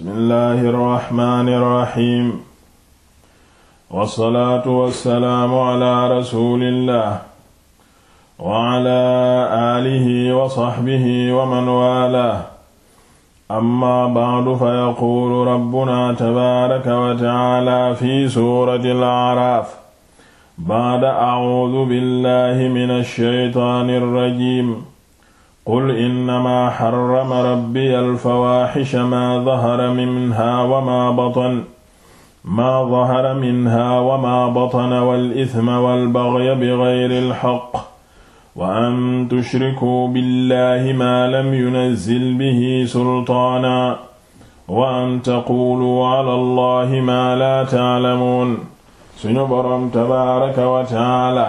bismillahi rrahmani rrahim wassalaatu wassalaamu ala rasulillah wa ala alihi wa saxbihi wa man waalaahu amma ba'du fa yaquulu rabbuna tabaaraka wa tacaala fi suurati al-acraaf ba'da acuudu billahi mina shaytaani rrajiim qul innama xarama rabbi alfawaxisha maa dahara minha wa maa batan maa dahara minha wa maa batana walisma walbagya bigayri alxaq wa an tushrikuu billahi maa lam yunazil bihi sultaana wa an taquluu ala allahi maa laa taalamuun suñu boroom tabaaraka wa taala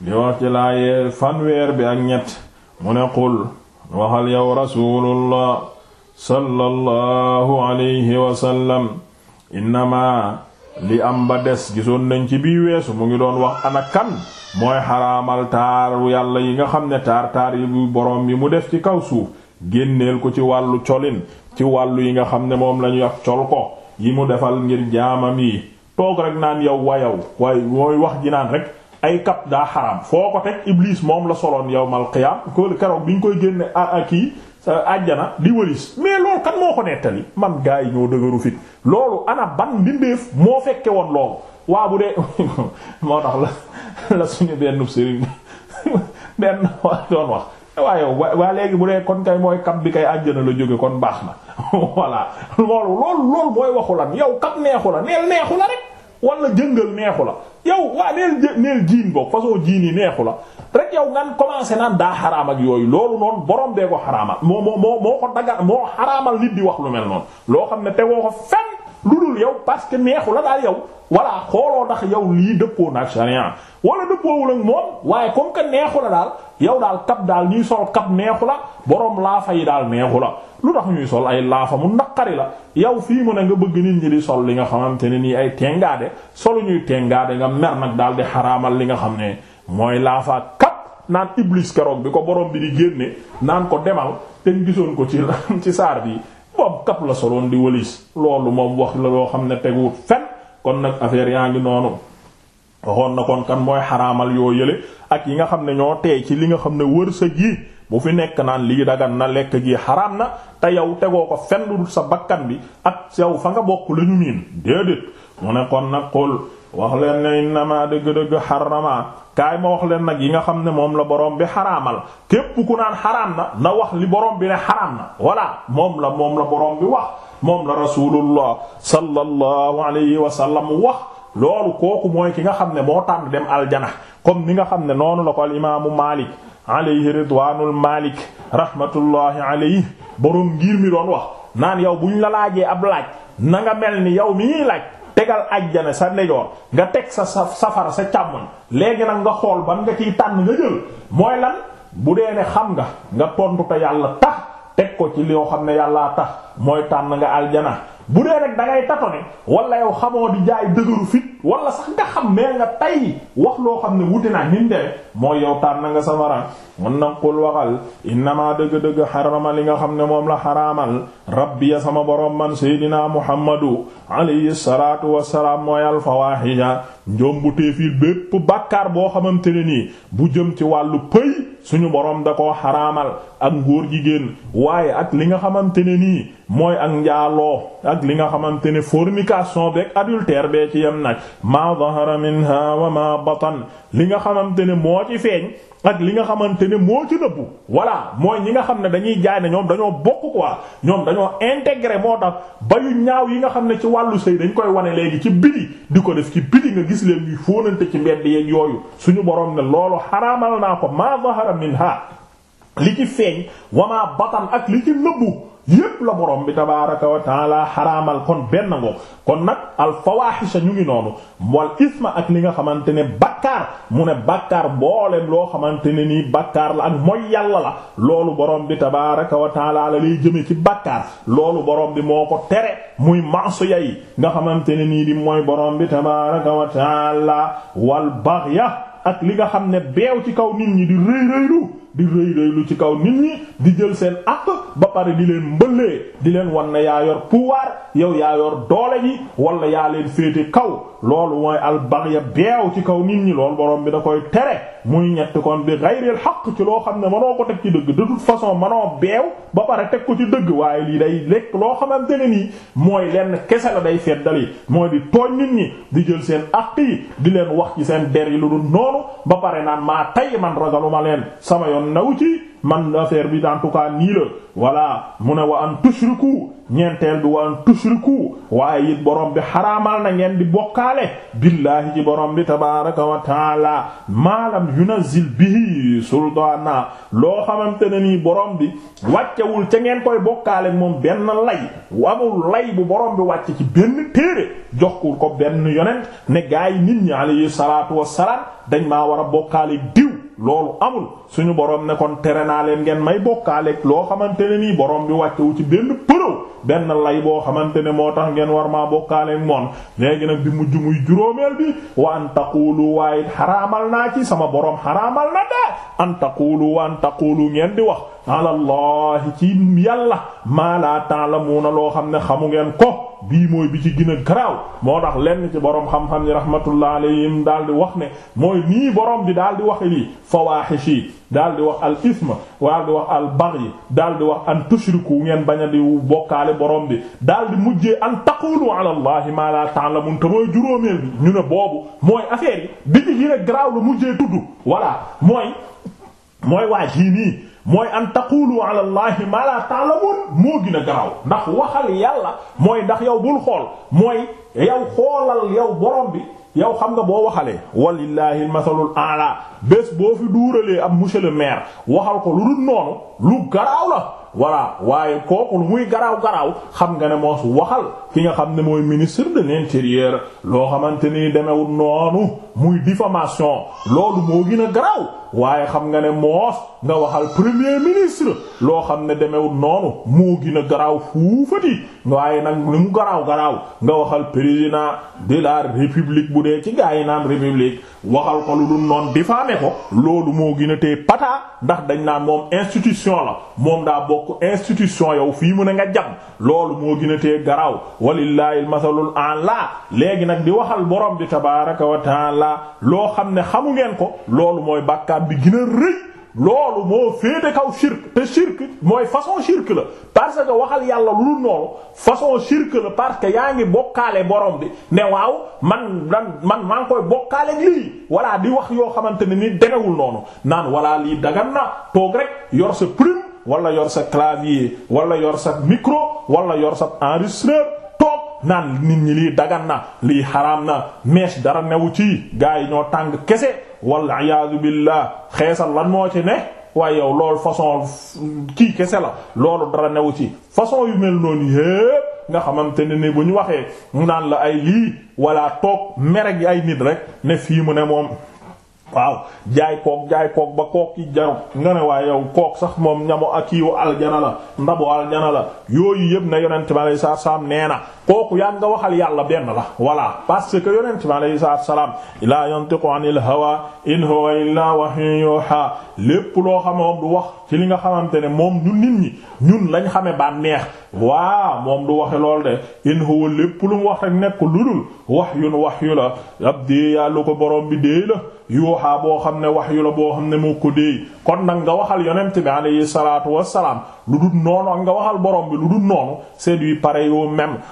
di wax ci laaye fanweer bi ak ñett mu ne qul waxal yow rasulullah sallallahu alayhi wasallam innama li am ba des gisoon nañ ci bii weesu mu ngi doon wax ana kan mooy xaraamal taaru yàlla yi nga xam ne taar taar yi bu borom bi mu def ci kaw suuf génneel ko ci wàllu colin ci wàllu yi nga xam ne moom lañuy ñuy wax col ko yi mu defal ngir jaamam yi toog rek naan yow wayow waaye mooy wax ji naan rek ay kap daa xaraam foo ko teg iblis moom la soloon yawmal qiyaam ko keroog bi ñu koy génne kii àjjana di wëlis mais loolu kan moo ko nettali man gaa yi ñoo dëgëru fit loolu ana ban mbindeef moo fekke woon loolu waa bu dee moo tax la la suñu benn sëriñ benn doon wax waaye waa léegi bu dee kon kay mooy kap bi kay àjjana la jóge kon baax na voilà loolu loolu mooy waxu lan yow kap neexu la neel neexu la rek wala jëngal neexu la yow waa neel neel jiin boog façon jiin neexu la rek yow ngan commencé naan daa xaraam yooyu loolu noonu borom bee ko xaraamal moo moo moo moo ko daga moo xaraamal nit di wax lu mel noon loo xam ne tegoo ko fenn lu dul yow parce que neexu la daal yow voilà xooloo ndax yow lii dëppoo na ak sharia wala dëppoowul ak moom waaye comme que neexu la daal yow daal kap daal ñuy sol kap neexu la borom laafa yi daal neexu la lu tax ñuy sol ay laafa mu naqari la yow fii mu ne nga bëgg nit ñi di sol li nga xamante ne nii ay tengaade solu ñuy tengaade nga mer nag daal di xaraamal li nga xam ne mooy laafa kap naan iblis keroog bi ko borom bi di génne naan ko demal te gisoon ko ci ci saar bi. moom kap la soloon di wëlis loolu moom wax la loo xam ne teguwut fen kon nag affaire yaa ngi noonu waxoon na kon kan mooy xaraamal yoo yële ak yi nga xam ne ñoo tey ci li nga xam ne wërsëg yi bu fi nekk naan lii dagan na lekk gi xaram na te yow tegoo ko fenn sa bakkan bi ak yow fa nga bokk la ñu déedéet mu ne kon nag xool wax leen ne innama dëgg-dëgg xarama kaay ma wax leen nag yi nga xam ne moom la boroom bi xaraamal képp ku naan xaraam na na wax li boroom bi ne xaraam na voilà moom la moom la borom bi wax moom la rasulullah sallallahu alayhi wa sallam wax loolu kooku mooy ki nga xam ne moo tànn dem aljana comme ni nga xam ne noonu la ko al imaamu Maalik alayhi ridwaanul Maalik rahmatullahi alayhi borom ngir mi doon wax naan yow buñ la laajee ab laaj na nga mel ni yow mi laaj. tegal ajjana sa ndejoor nga teg sa safara sa càmmoñ léegi nag nga xool ban nga ciy tànn nga jël mooy lan bu dee ne xam nga nga tontu te yàlla tax teg ko ci yoo xam ne yàllaa tax mooy tànn nga aljana bu dee rek da tato ne wala yow xamoo di jaay dëgëru fit wala sax nga xam mais nga tay wax loo xam ne wuti naa ñun de mooy yow tànn nga safara mën na qul waxal innamaa dëgg-dëgg xarama li nga xam ne moom la xaraamal rabbiya sama borom man seydinaa muhammadu alayhi salaatu wassalaam mooy alfawaahija njombu téefil bépp bàkkaar boo xamante ne nii bu jëm ci wàllu pëy suñu borom da koo xaramal ak ngóor jigéen waaye ak li nga xamante ne nii mooy ak njaaloo ak li nga xamante ne fornication beeg adultère bee ci yem nag maa zahara minha wa batan li nga xamante ne moo ci feeñ ak li nga xamante ne moo ci nëbbu voilà mooy ñi nga xam ne dañuy jaay ne ñoom dañoo bokk quoi ñoom dañoo intégré moo tax ba yu ñaaw yi nga xam ne ci wàllu sëy dañ koy wane léegi ci biti di ko def ci biti nga gis leen ñuy fóonante ci mbedd yeeg yooyu suñu borom ne loolu xaraamal naa ko maa zahara minha li ci feeñ wa maa batan ak li ci nëbbu yépp la borom bi tabaaraka wa taala xaraamal kon benn ngoo kon nag al fawaaxisa ñu ngi noonu wal isma ak li nga xamante ne bakkaar mu ne bakkaar boolem loo xamante ne nii bakkaar la ak mooy yàlla la loolu borom bi tabaaraka wa taala la lay jëme ci bakkaar loolu borom bi moo ko tere muy maasiya yi nga xamante ne nii di mooy borom bi tabaaraka wa taala wal baxya ak li nga xam ne beew ci kaw nit ñi di rëy rëylu di rëy rëy lu ci kaw nit ñi di jël seen àq ba pare di leen mbëllee di leen wan ne yaa yor pouvoir yow yaa yor doole ji wala yaa leen féete kaw loolu mooy albaghya beew ci kaw nit ñi loolu borom bi da koy tere muy ñett kon bi ghayril haqq ci loo xam ne manoo ko teg ci dëgg de toute façon manoo beew ba pare teg ko ci dëgg waaye lii day lekk loo xamante ne nii mooy lenn kese la day feddali mooy di tooñ nit ñi di jël seen àq yi di leen wax ci seen der yi lu dul ba pare naan maa tay man ragaluma leen sama yoon yoon naw ci man affaire bi en tout cas nii la mu ne wa an tushriku ñeenteel bi wa an tushriku waaye it borom bi xaraamal na ngeen di bokkaale billahi ci borom bi tabaraka wa taala maalam yunazil bihi sultaana loo xamante ne nii borom bi wàccewul ca ngeen koy bokkaale moom benn lay amul lay bu borom bi wàcce ci benn téere joxul ko benn yonent ne gaa yi nit ñi alayhi salaatu dañ maa war a bokkaale diw loolu amul suñu borom ne kon tere naa leen ngeen may bokkaaleeg loo xamante ne nii boroom bi wàccewu ci bénn përëw benn lay boo xamante ne moo tax ngeen war maa bokkaaleeg moon léegi nag bi mujj muy juróomeel bi wa an taqulu waaye naa ci sama borom xaraamal na de an taqulu wa an taqulu ngeen di wax alallahi ci yàlla maa la na loo xam ne xamu ngeen ko. bii mooy bi ci gën a garaaw moo tax lenn ci borom xam-xam ni rahmatullah alayhim daal di wax ne mooy nii borom di daal di wax lii fawaahish yi daal di wax al isma daal di wax al baghy daal di wax an tushriku ngeen bañ di bokkaale borom bi daal di mujjee an taqulu ala allahi ma la ta'lamun te mooy juróomeel bi ñu ne boobu mooy affaire yi bi ci gën a garaaw la tudd voilà mooy mooy waa jii nii mooy an taqulu ala allahi ma la ta'lamun moo gën a garaaw ndax waxal yàlla mooy ndax yow bul xool mooy yow xoolal yow borom bi yow xam nga boo waxalee walillahi almathalul a'la bés boo fi duuralee am monsieur le maire waxal ko lu dul noonu lu garaaw la voilà waaye kooku lu muy garaaw garaaw xam nga ne moos waxal ki nga xam ne mooy ministre de l'intérieur loo xamante ni demewul noonu muy diffamation loolu moo gën a garaaw waaye xam nga ne moos nga waxal premier ministre loo xam ne demewul noonu moo gin a garaaw fuufati waaye nag li mu garaaw garaaw nga waxal président de la république bu dee ci gaa yi naan république waxal ko lu dul noonu difaame ko loolu moo gën a tee pataa ndax dañ naa moom institution la moom daa bokk institution yow fii mu ne nga jam loolu moo gën a tee garaaw walillahi almasalul a'la léegi nag di waxal borom bi tabaaraka wa taala loo xam ne xamu ngeen ko loolu mooy bàkkaar bi gina a loolu moo féete kaw shirk te shirk mooy façon shirk la parce que waxal yàlla lu noonu façon shirk la parce que yaa ngi bokkaale borom bi ne waaw man man man maa ngi koy bokkaale ak lii walla di wax yoo xamante ne ni demewul noonu naan walla lii dagan na toog rek yor sa plume wala yor sa clavier walla yor sa micro wala yor sa enregistreur naan nit ñi lii dagan na lii xaraam na mees dara newu ci gaa yi ñoo tàng kese walla iyaadu billah xeesal lan moo ci ne waaye yow loolu façon kii kese la loolu dara newu ci façon yu mel noon yépp nga xamante ne ni bu ñu waxee mu naan la ay lii walla toog mere gi ay nit rek ne fii mu ne moom waaw jaay kook jaay kook ba kook ki jaru nga ne waaye yow kook sax moom ñamo akiiwu aljana la ndabo aljana la yooyu yëpp na yonent bi alayhi salaam nee na kooku yaa nga waxal yàlla benn la voilà parce que yonent bi alayhi salaam laa yantiqu anil hawaa in huwa illaa wahyun yuuhaa lépp loo xam moom du wax ci li nga xamante ne moom ñun nit ñi ñun lañ xame bànneex waa moom du waxe lool de in lépp lu mu wax rek nekk lu dul wahyun wahyu la ab dee yàlla ko borom bi dee la yuuhaa boo xam ne wahyu la boo xam ne moo ko dee kon nag nga waxal yonent bi alayhi salaatu wassalaam lu dul noonu ak nga waxal borom bi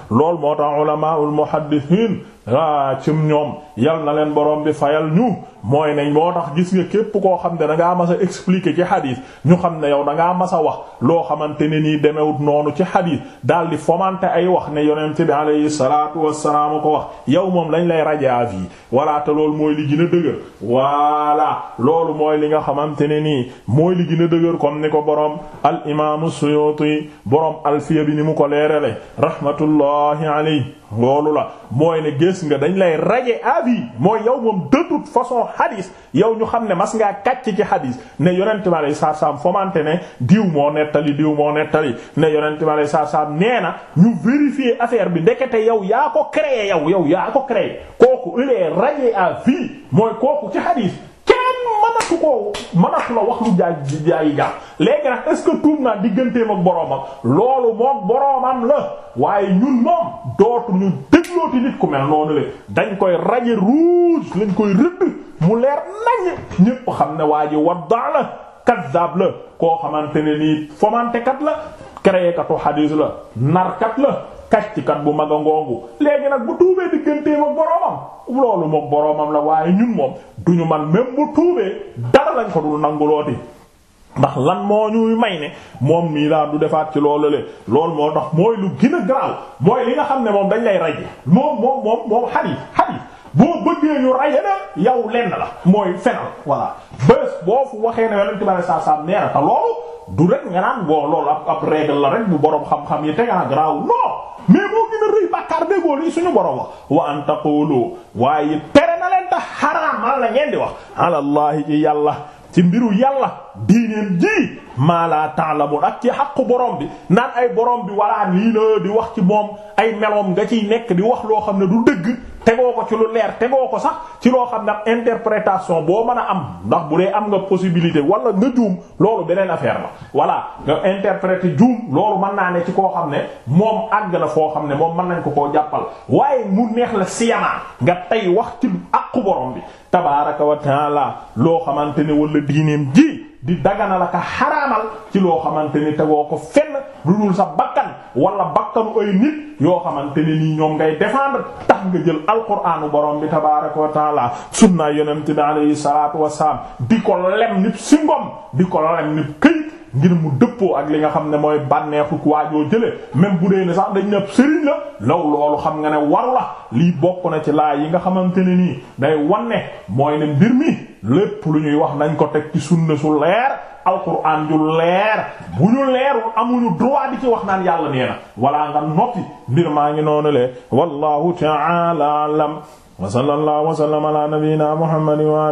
lu lool moo tax ulamaul muhaddithin waa cim ñoom yal na leen borom bi fayal ñu mooy nañ moo tax gis nga képp koo xam ne da ngaa mas a expliquer ci xadiis ñu xam ne yow da ngaa mas a wax loo xamante ne nii demewut noonu ci xadiis daal di fomante ay wax ne yonent bi alayhi salaatu wassalaam ko wax yow moom lañ lay rajo avis yi voilà loolu mooy li gën a dëgër waala loolu mooy li nga xamante ne nii mooy li gën a dëgër comme ni ko borom al imaamu Suyuuti borom Alfiya bi ni mu ko leerale rahmatullahi alayhi loolu la mooy ne gis nga dañ lay raje avis mooy yow moom de façon hadis yow ñu xam ne mas ngaa kàcc ci hadis ne yonent ma lay saar saam fomante ne diw moo nettali diw moo nettali ne yonent ma lay saar saam nee na ñu vérifier affaire bi ndekete yow yaa ko créé yow yow yaa ko créé kooku il est raje avis mooy kooku ci hadis mënatu koo mënatu la wax lu jaay jaayi jaam léegi nag est-ce que tuub naa digganteem ak boroomam loolu moom boroomam la waaye ñun moom dootuñu déglooti nit ku mel noonu le dañ koy raje rouge lañ koy rëdd mu leer nañ ñépp xam ne waa ji waddaa la kaddaab la koo xamante ne nii kat la créé katu xadiis la narkat la kat bu mag a ngoogu léegi nag bu tuubee digganteem ak boroomam loolu moom boroomam la waaye ñun moom ñu man même bu tuubee dara lañ ko dul nangulooti ndax lan moo ñuy may ne moom mii laa du defaat ci loolu le loolu moo tax mooy lu gën a garaaw mooy li nga xam ne moom dañ lay raje moom moom moom moom xadis xadis boo bëggee ñu raje na yow lenn la mooy fenal voilà bés boo fu waxee ne yonent bi sallallahu alayhi wasallam te loolu du rek nga boo loolu ab ab règle la rek bu boroom xam-xam yi te ngaa ah, garaaw mais moo gën a rëy bàkkaar déggoo lii suñu borom wax wa an taqulu waaye tere na leen tax xaraamal la ngeen di wax alallahi ci yàlla ci mbiru yàlla diineen ji maa laa ta'lamun ak ci xaqu borom bi naan ay borom bi walla lii la di wax ci moom ay meloom nga ciy nekk di wax loo xam ne du dëgg tegoo ko ci lu leer tegoo ko sax ci loo xam ne am interprétation boo mën a am ndax bu dee am nga possibilité wala nga juum loolu beneen affaire la voilà nga interpréter juum loolu mën naa ne ci koo xam ne moom àgg na foo xam ne moom man nañ ko koo jàppal waaye mu neex la siyamaa nga tey wax ci àqu borom bi tabaaraka wa loo xamante ne wala diineem ji di dagana la ka xaraamal ci loo xamante ni tegoo ko fen lu dul sa bakkan wala bakkanu ay nit yoo xamante ni nii ñoom ngay défendre tax nga jël alquraanu borom bi tabaaraka wa taala sunna yonent bi alayhi salaatu wa salaam di ko lem nit si ngom di ko lem nit këyit ngir mu dëppoo ak li nga xam ne mooy bànneexu waajoo jële même bu dee ne sax dañ ne sëriñ la law loolu xam nga ne war la lii bokk na ci laa yi nga xamante ni nii day wanne mooy ne mbir mi lépp lu ñuy wax nañ ko teg ci sunna su leer alquran ju leer bu ñu leerul amuñu droit di ci wax naan yàlla nee na wala nga noppi mbir maa ngi noonu le wallahu ta'ala alam wa sallallahu wa sallama ala nabiyyina muhammadin wa